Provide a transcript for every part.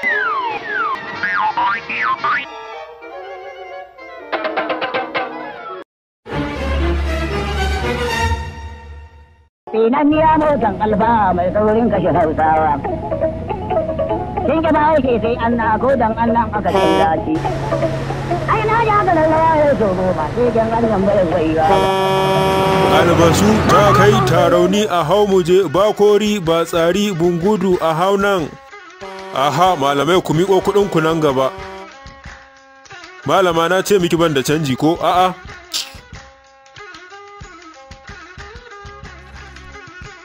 Sinan ya motan alfa mai saurin kashe hausawa. Sun gaba haushe sai an na ko dan Allah aka ce dace. na ji haka nan ya so goma sai dan Allah bai Albasu ta kai tarauni a hau muje bakori ba tsari bungudu a haunan. aha malamai ku miƙo kuɗin ku nan gaba malama na ce miki ban da canji ko a'a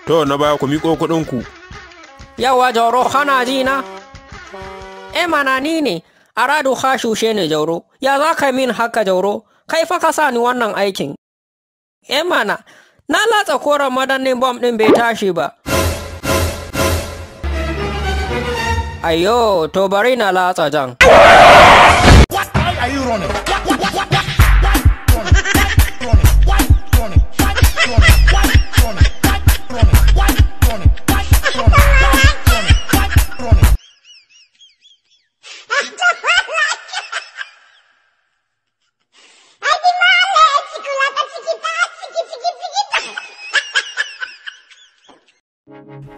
to na baya ku miƙo kuɗin ku yawa jauro kana ji na e mana ni ne aradu ha shushe ne jauro ya za ka min haka jauro kai fa ka sa ni wannan aikin e mana na latsa koren madannin bom ɗin bai tashi ba Ayo, tobarin ala sajang.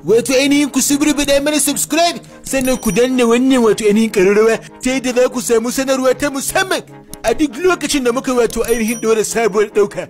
Wato ainihin ku ɗaya mana subscribe sannan ku danna wannan wato ainihin ƙararrawa ta da za ku samu sanarwa ta musamman a duk lokacin da muka wato ainihin ɗora sabuwar ɗauka.